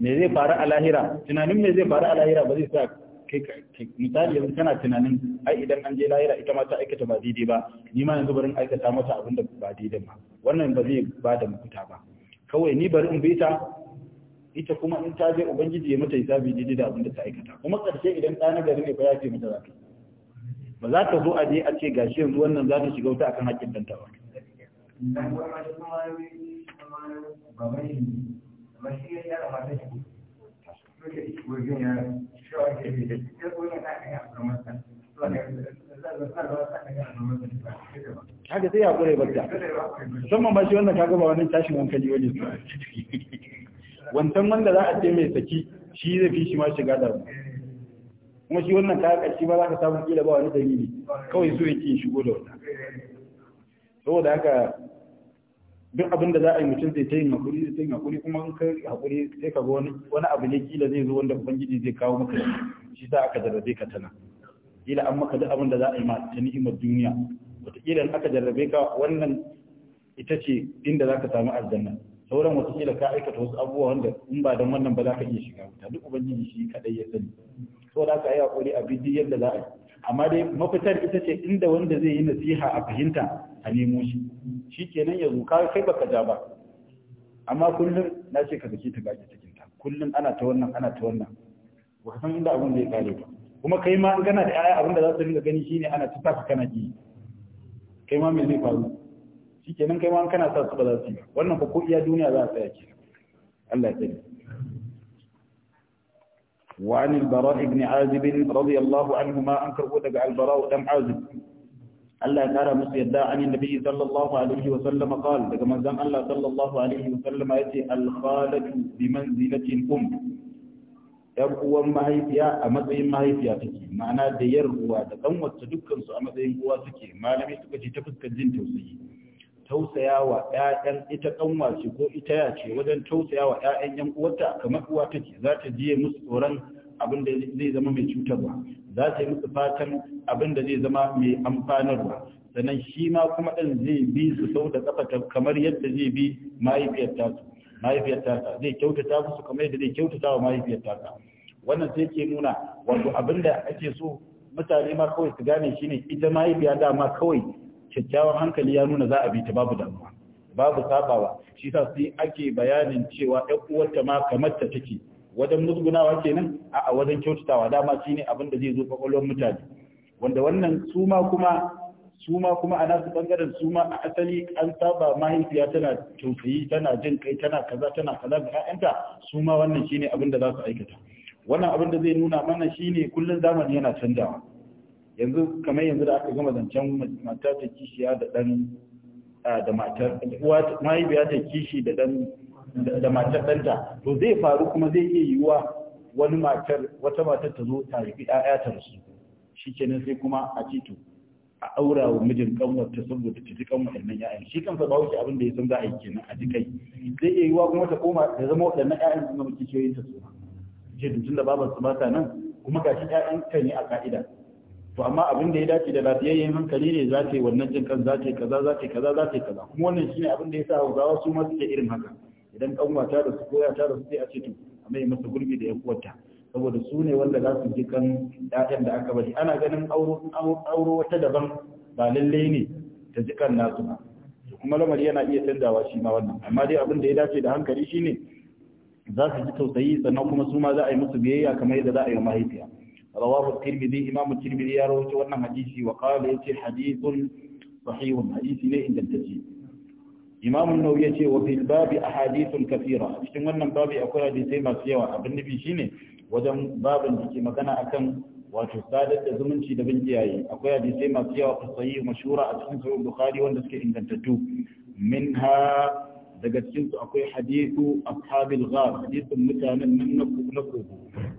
Speaker 1: me zai faru a lahira tunanin me zai faru a lahira ba zai sa kai misali yanzu kana tunanin ai idan an je lahira ita ma ta aikata ba daidai ba ni ma yanzu barin aikata mata abin da ba daidai ba wannan ba zai ba da mukuta ba kawai ni bari in bita ita kuma in ta je ubangiji ya mata hisabi daidai da abin da ta aikata kuma karshe idan ɗa na gari ne ba ya ce mata za ta ba za ta zo a je a ce gashi yanzu wannan za ta shiga wuta akan haƙƙin danta ba kaga
Speaker 2: sai ya kure ta, musamman ba shi wannan
Speaker 1: kaga ba wani tashin hankali wani wancan wanda za a ce mai saki shi zai fi shi ma shiga da kuma shi wannan kaya karshe ba za ka samu kila ba wani dalili kawai so yake shigo da wata saboda haka duk abin da za a yi mutum zai ta yin hakuri zai ta yin hakuri kuma in ka hakuri sai ka ga wani abu ne kila zai zo wanda ubangiji zai kawo maka shi sa aka jarrabe ka tana kila an maka duk abin da za a yi ma ta ni'imar duniya wataƙila in aka jarrabe ka wannan ita ce inda za ka samu aljanna sauran wata kila ka aikata wasu abubuwa wanda in ba don wannan ba za ka iya shiga wuta duk ubangiji shi kadai ya sani saboda haka yi hakuri a bi yadda za a yi amma dai mafitar ita ce inda wanda zai yi nasiha a fahimta a nemo shi shi kenan yanzu ka kai baka ja ba amma kullum na ce ka zaki ta gaji cikin ta kullum ana ta wannan ana ta wannan baka san inda abun zai kare ba kuma kai ma in kana da yaya abin da za su dinga gani shine ana ta saka kana ji kai ma me zai faru shikenan kai ma kana sa su ba za su yi wannan ba ko iya duniya za a tsaya ke Allah ya وعن البراء بن عازب رضي الله عنهما أنكر ودق البراء دم عازب Allah ya kara musu yadda an yi nabi sallallahu alaihi wa sallama qal daga manzon Allah sallallahu alaihi wa sallama yace al khalatu bi manzilatin um yar uwan mahaifiya a matsayin mahaifiya take ma'ana da yar uwa da dan wacce a matsayin uwa suke malamai suka ce ta jin tausayi tausaya wa ‘ya'yan ita ƙanwace ko ita yace wajen tausaya wa ‘ya'yan ‘yan uwarta kamar uwa ta ce za ta jiye musu tsoron abin da zai zama mai cutarwa za ta yi musu fatan abin da zai zama mai amfanarwa sannan shi ma kuma ɗan zai bi su sau da ƙafa kamar yadda zai bi mahaifiyar tasu mahaifiyar tasa zai kyautata musu kamar yadda zai kyautata wa mahaifiyar tasa wannan sai ke nuna wato abin da ake so mutane ma kawai su gane shi ne ita mahaifiya dama kawai kyakkyawan hankali ya nuna za a bi ta babu damuwa babu sabawa shi sa sai ake bayanin cewa ɗan uwarta ma kamar ta take wajen musgunawa kenan a wajen kyautatawa dama shine abin da zai zo kwakwalwar mutane wanda wannan su ma kuma su ma kuma a nasu bangaren su ma a asali an saba mahaifiya tana tausayi tana jin kai tana kaza tana kaza ga ƴaƴanta su ma wannan shine abin da za su aikata wannan abin da zai nuna mana shine kullum zamani yana canjawa yanzu kamar yanzu da aka gama zancen mata ta kishiya da dan da matar mahaifiya ta kishi da dan da matar danta to zai faru kuma zai iya yiwuwa wani matar wata matar ta zo ta rufi ɗaya ta rasu shi sai kuma a to a aura wa mijin kanwar ta saboda ta ji kanwar ɗannan ƴaƴan shi kansa ba wuce abin da ya san za a yi kenan a ji zai iya yiwuwa kuma ta koma ta zama waɗannan ƴaƴan sun zama kishiyoyin ta su je tun da babar su ba ta nan kuma shi 'ya'yan kan ne a ka'ida to amma abin da ya dace da lafiyayyen hankali ne za ta yi wannan jin kan za ta yi kaza za ta yi kaza za ta yi kaza kuma wannan shine abin da ya sa hausawa su ma suke irin haka idan kanwa ta rasu ko ya ta rasu sai a ce to a mai masa gurbi da ya kuwata saboda su ne wanda za su ji kan ɗayan da aka bari ana ganin auro wata daban ba lalle ne ta ji kan nasu ba kuma lamari yana iya canzawa shi ma wannan amma dai abin da ya dace da hankali shine za su ji tausayi sannan kuma su ma za a yi musu biyayya kamar yadda za a yi mahaifiya rawahu tirmidhi imam tirmidhi ya rawaito wannan hadisi wa qala yace hadithun sahihun hadisi ne ingantacce imam an-nawawi yace wa fil babi ahadithun kathira cikin wannan babi akwai hadisi masu yawa abin nabi shine wajen babin da magana akan wato sadar da zumunci da bin iyaye akwai hadisai masu yawa sahih mashura a cikin sahih bukhari wanda suke ingantattu minha daga cikin su akwai hadithu ashabil ghar hadithun mutanen nan na kogo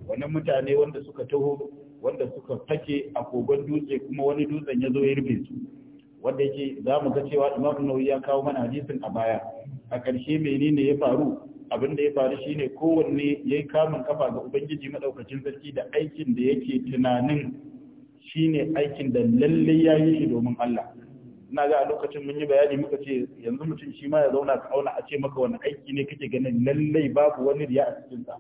Speaker 1: wannan mutane wanda suka taho wanda suka fake a kogon dutse kuma wani dutsen ya zo ya rufe su wanda yake za mu ga cewa imam nawawi ya kawo mana hadisin a baya a ƙarshe menene ya faru abin da ya faru shine kowanne ya yi kamun kafa ga ubangiji madaukakin sarki da aikin da yake tunanin shine aikin da lallai ya yi shi domin Allah ina ga a lokacin mun yi bayani muka ce yanzu mutum shi ma ya zauna ka auna a ce maka wani aiki ne kake ganin lallai babu wani riya a cikin sa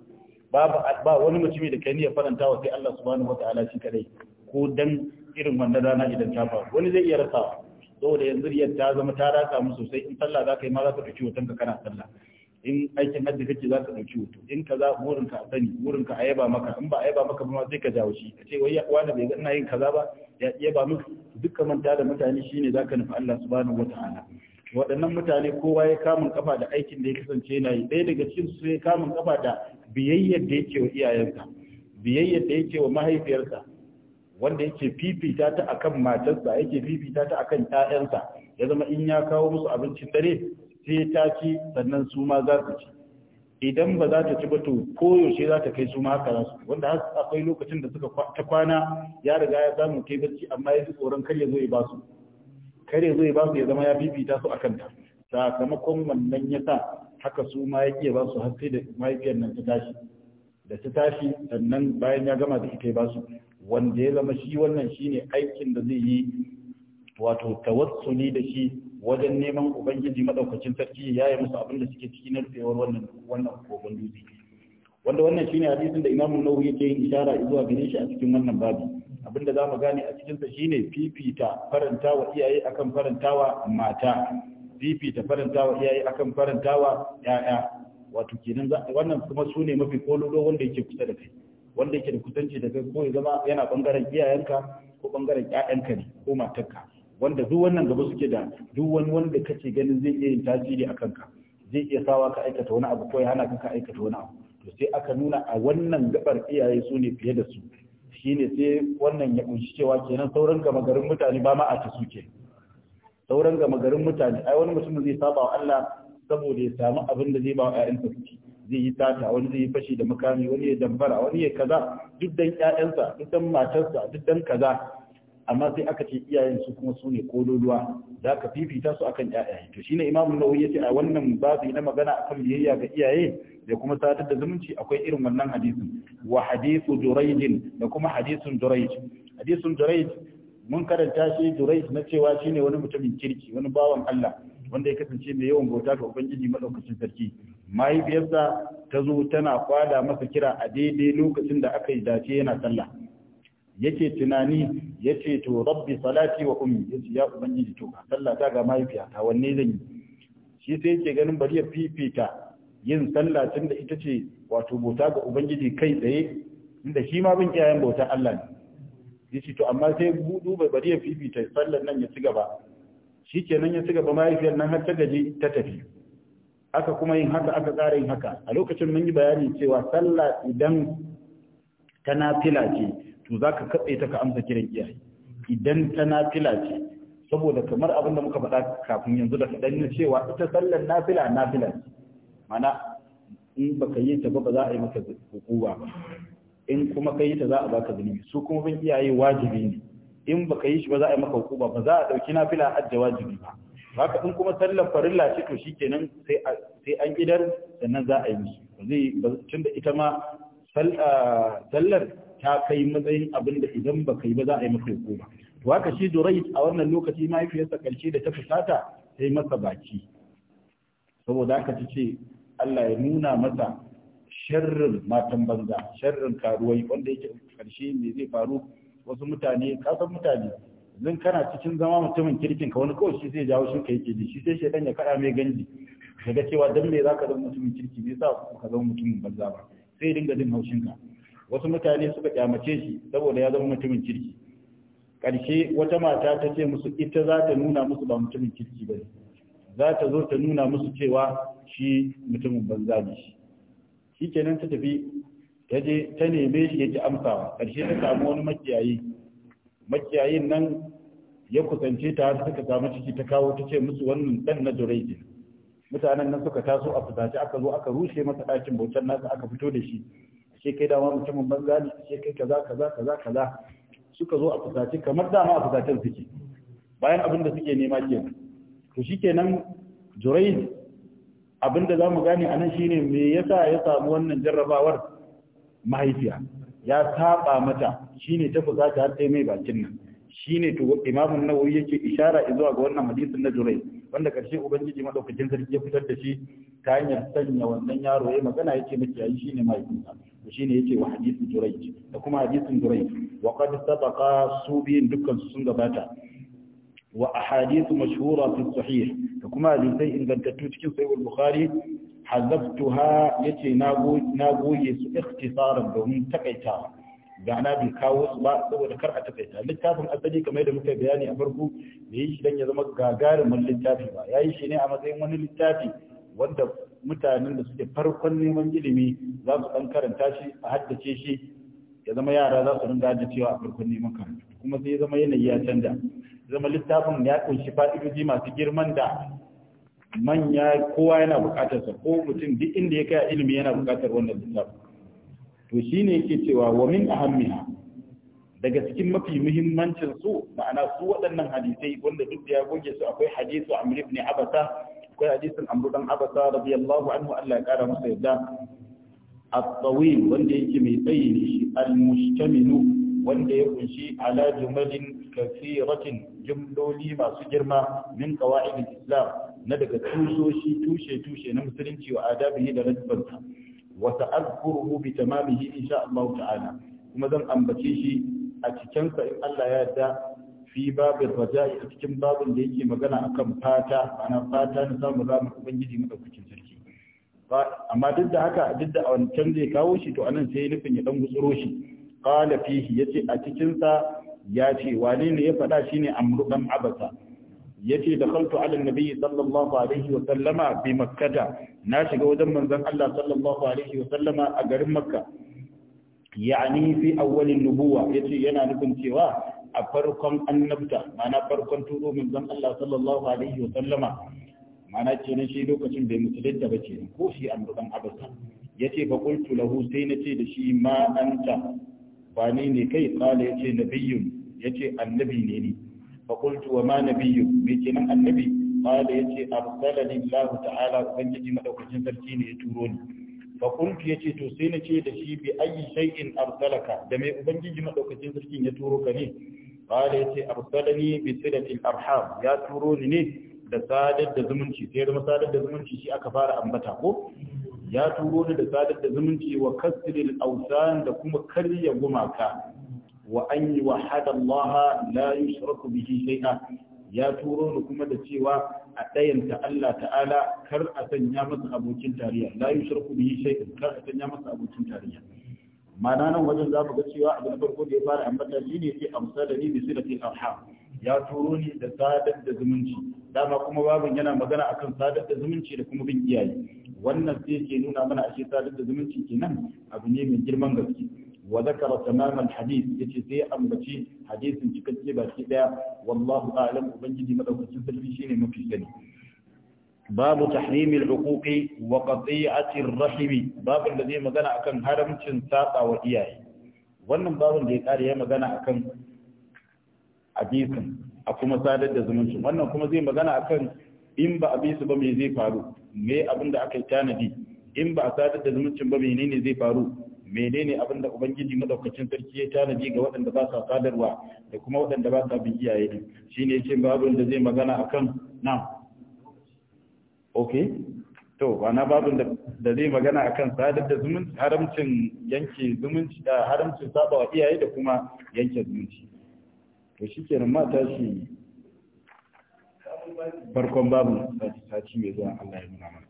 Speaker 1: babu ba wani mutumi da kai ne ya faranta wa sai Allah subhanahu wataala shi kadai ko dan irin wannan rana idan ta faru wani zai iya rasawa saboda yanzu riyar ta zama ta rasa mu sosai in sallah za ka yi ma za ka ɗauki hoton ka kana sallah in aikin hajji kake za ka ɗauki hoto in ka za burinka a sani burinka a yaba maka in ba a yaba maka ba ma sai ka jawo shi ka ce wai wani bai ga ina yin kaza ba ya ba min duka manta da mutane shine ka nufi Allah subhanahu wataala waɗannan mutane kowa ya kamun kafa da aikin da ya kasance yana yi ɗaya daga cikin su ya kamun kafa da biyayyar da yake wa iyayensa biyayyar da yake wa mahaifiyarsa wanda yake fifita ta akan matarsa yake fifita ta akan ƴaƴansa ya zama in ya kawo musu abincin dare sai ta ci sannan su ma za su ci idan ba za ta ci ba to koyaushe za ta kai su ma karan su wanda har akwai lokacin da suka ta kwana ya riga ya samu kai barci amma ya ji tsoron kar ya zo ya ba su kar ya zo ya ba su ya zama ya fifita su akan ta sakamakon wannan ya sa haka su ma ya ba su har sai da mahaifiyar nan ta tashi da ta tashi sannan bayan ya gama da ita ya ba su wanda ya zama shi wannan shine aikin da zai yi wato tawassuli da shi wajen neman ubangiji madaukakin sarki ya yi musu abin da suke ciki na rufewar wannan wannan kogon dutse wanda wannan shine hadisin da imamu nawawi yake yin ishara zuwa gare shi a cikin wannan babu abinda za mu gane a cikin sa shine fifita farantawa iyaye akan farantawa mata fifita farantawa iyaye akan farantawa yaya wato kenan wannan kuma sune mafi kololo wanda yake kusa da kai wanda yake da kusanci da kai ko ya zama yana bangaren iyayenka ko bangaren ƴaƴanka ne ko matarka wanda duk wannan gaba suke da duk wani wanda kace ganin zai iya yin tasiri a kanka zai iya sawa ka aikata wani abu ko ya hana ka aikata wani abu to sai aka nuna a wannan gabar iyaye su ne fiye da su shine sai wannan ya kunshi cewa kenan sauran gama garin mutane ba ma a ta suke sauran gama garin mutane ai wani mutum zai saba wa Allah saboda ya samu abin da zai ba wa ƴaƴansa suke zai yi tata wani zai yi fashi da mukami wani ya dambara wani ya kaza duk dan ƴaƴansa duk dan matarsa duk dan kaza amma sai aka ce iyayen su kuma su ne kololuwa za ka fifita su akan 'ya'ya to shine imam nawawi yace a wannan babu na magana akan biyayya ga iyaye da kuma sadar da zumunci akwai irin wannan hadisin wa hadithu durayj da kuma hadisin durayj hadisin durayj mun karanta shi durayj na cewa shine wani mutumin kirki wani bawan Allah wanda ya kasance mai yawan bauta ga ubangiji madaukakin sarki mahaifiyarsa ta zo tana kwada masa kira a daidai lokacin da aka yi dace yana sallah yake tunani yace to rabbi salati wa ummi yace ya ubangiji to ga sallah ta ga mahaifiyata wanne zan yi shi sai yake ganin bari ya fifita yin sallah tun da ita ce wato bauta ga ubangiji kai tsaye inda shi ma bin iyayen bauta Allah ne yace to amma sai budu bari ya fifita sallar nan ya ci gaba kenan ya ci gaba mahaifiyar nan har ta gaji ta tafi aka kuma yin haka aka tsara yin haka a lokacin mun yi bayani cewa sallah idan ta nafila ce to za ka katse ta ka amsa kiran iyaye idan ta nafila ce saboda kamar abin da muka faɗa kafin yanzu da kaɗan na cewa ita sallar nafila nafila ce mana in baka yi ta ba ba za a yi maka hukuma ba in kuma ka yi ta za a baka zunubi su kuma bin iyaye wajibi ne in baka yi shi ba za a yi maka hukuma ba za a ɗauki nafila hajja wajibi ba haka in kuma sallar farilla ce to shikenan sai sai an idar sannan za a yi musu ba zai tunda ita ma ah, sallar ta kai matsayin abin da idan ba kai ba za a yi maka ba to haka shi durai a wannan lokaci mahaifiyarsa karshe da ta fusata sai masa baki saboda haka ta ce Allah ya nuna masa sharrin matan banza sharrin karuwai wanda yake karshe me zai faru wasu mutane kasan mutane zan kana cikin zama mutumin kirkin ka wani kawai shi zai jawo shi kai keji shi sai shaidan ya kada mai ganji daga cewa dan me zaka zama mutumin kirki me sa ka zama mutumin banza ba sai dinga jin haushin ka wasu mutane suka kyamace shi saboda ya zama mutumin kirki ƙarshe wata mata ta ce musu ita za ta nuna musu ba mutumin kirki ba za ta zo ta nuna musu cewa shi mutumin banza ne shi shi kenan ta tafi ta je ta neme shi ya amsawa ƙarshe ta samu wani makiyayi makiyayin nan ya kusance ta har suka samu ciki ta kawo ta ce musu wannan dan na jurejin mutanen nan suka taso a fusace aka zo aka rushe masa ɗakin bautar nasa aka fito da shi ce kai dama mutumin banza ne ce kai kaza kaza kaza kaza suka zo a fusace kamar dama a fusacen suke bayan abin da suke nema kenan to shikenan jurayd abin da zamu gane anan shine me yasa ya samu wannan jarrabawar mahaifiya ya saba mata shine ta fusace har sai mai bakin nan shine to imamun nawawi yake ishara zuwa ga wannan hadisin na jurayd wanda karshe ubangiji madaukakin sarki ya fitar da shi ta hanyar sanya wannan yaro ya magana yake miki yayi shine mahaifinsa to shine yace wa hadisin Jurayj da kuma hadisin Jurayj wa qad sataqa su dukkan sun gabata wa ahadithu mashhura fi sahih da kuma hadisai ingantattu cikin sahih al-Bukhari hazabtuha yace na goge su ikhtisaran domin takaita ga na bi kawo su ba saboda kar a takaita littafin asali kamar da muka bayani a farko da yi shi dan ya zama gagarumin littafi ba yayi shi ne a matsayin wani littafi wanda mutanen da suke farkon neman ilimi za su ɗan karanta shi a haddace shi ya zama yara za su da cewa a farkon neman karatu kuma sai ya zama yanayi ya canja zama littafin ya kunshi fa'idoji masu girman da manya kowa yana buƙatar sa ko mutum duk inda ya kai ilimi yana buƙatar wannan littafin to shine yake cewa wa min ahammiha daga cikin mafi muhimmancin su ma'ana su waɗannan hadisai wanda duk da ya goge su akwai hadisu amr ibn abasa akwai hadisin amru dan abasa radiyallahu anhu Allah ya kara masa yadda at-tawil wanda yake mai tsayi ne shi al-mushtamilu wanda ya kunshi ala jumalin kathiratin jumloli masu girma min qawaid al-islam na daga tusoshi tushe tushe na musulunci wa adabihi da rajbansa wa ta'azkuruhu bi tamamihi insha Allah ta'ala kuma zan ambace shi a cikin sa in Allah ya yarda fi babin raja'i a cikin babin da yake magana akan fata ana fata na samun ramar ubangiji madaukakin sarki amma duk da haka duk da wancan zai kawo shi to anan sai nufin ya dan gutsuro shi qala fihi ce a cikinsa ya ce wane ne ya faɗa shi ne amurɗan abasa Ya ce da kaltu ala nabi sallallahu alaihi wa sallama bi makkata na shiga wajen manzon Allah sallallahu alaihi wa sallama a garin makka ya'ani fi awwalin nubuwa yace yana nufin cewa a farkon annabta mana farkon turo min zan Allah sallallahu alaihi wa sallama mana ce ne shi lokacin bai musulunta ba ce ko shi amurkan abasa ya ce fa qultu lahu sai na ce da shi ma anta ba ni ne kai kala ya ce nabiyyun ya ce annabi ne ni fa qultu wa ma nabiyyu me kenan annabi kala ya ce arsalani Allah ta'ala ubangiji madaukakin sarki ne ya turo ni fakultu ya ce to sai na ce da shi bi ayi shay'in arsalaka da mai ubangiji madaukakin sarkin ya turo ka ne qala yace arsalani bi silatil arham ya turo ni ne da sadar da zumunci sai da sadar da zumunci shi aka fara ambata ko ya turo ni da sadar da zumunci wa kasril awsan da kuma karya gumaka wa an yuwahhada Allah la yushraku bihi shay'a ya turo ni kuma da cewa a dayanta Allah ta'ala kar a sanya masa abokin tarayya la yushraku bihi shay'an kar a sanya masa abokin tarayya mana nan wajen za mu ga cewa abu na farko da ya fara ambata shi ne sai amsa da ni bisu da ke arham ya turo ni da sadar da zumunci dama kuma babin yana magana akan sadar da zumunci da kuma bin iyaye wannan sai ke nuna mana ashe sadar da zumunci kenan abu ne mai girman gaske wa zakara tamaman hadith yace sai ambaci hadisin cikakke baki daya wallahu a'lam ubangiji madaukakin sarki shine mafi sani babu tahrimil uquqi wa qati'atir rahimi babu da zai magana akan haramcin tsatsa iyaye wannan babun da ya kare ya magana akan abisin a kuma sadar da zumunci wannan kuma zai magana akan in ba abisu ba me zai faru me abin da aka yi tanadi in ba a sadar da zumuncin ba menene zai faru menene abin da ubangiji madaukakin sarki ya tanadi ga waɗanda ba sa sadarwa da kuma waɗanda ba sa bin iyaye din shine yace babun da zai magana akan nan. ok to ba na babin da zai magana a kan sadar da zumunci haramcin yanke zumunci da haramcin saba wa iyaye da kuma yanke zumunci to shi kenan mata shi farkon babin sati mai zuwa Allah ya nuna mana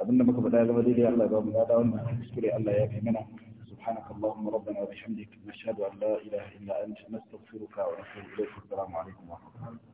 Speaker 1: abinda muka faɗa ya zama daidai Allah ya ba mu da wannan kuskure Allah ya kai mana سبحانك اللهم ربنا
Speaker 2: وبحمدك نشهد أن لا إله إلا أنت نستغفرك ونتوب إليك السلام عليكم ورحمة الله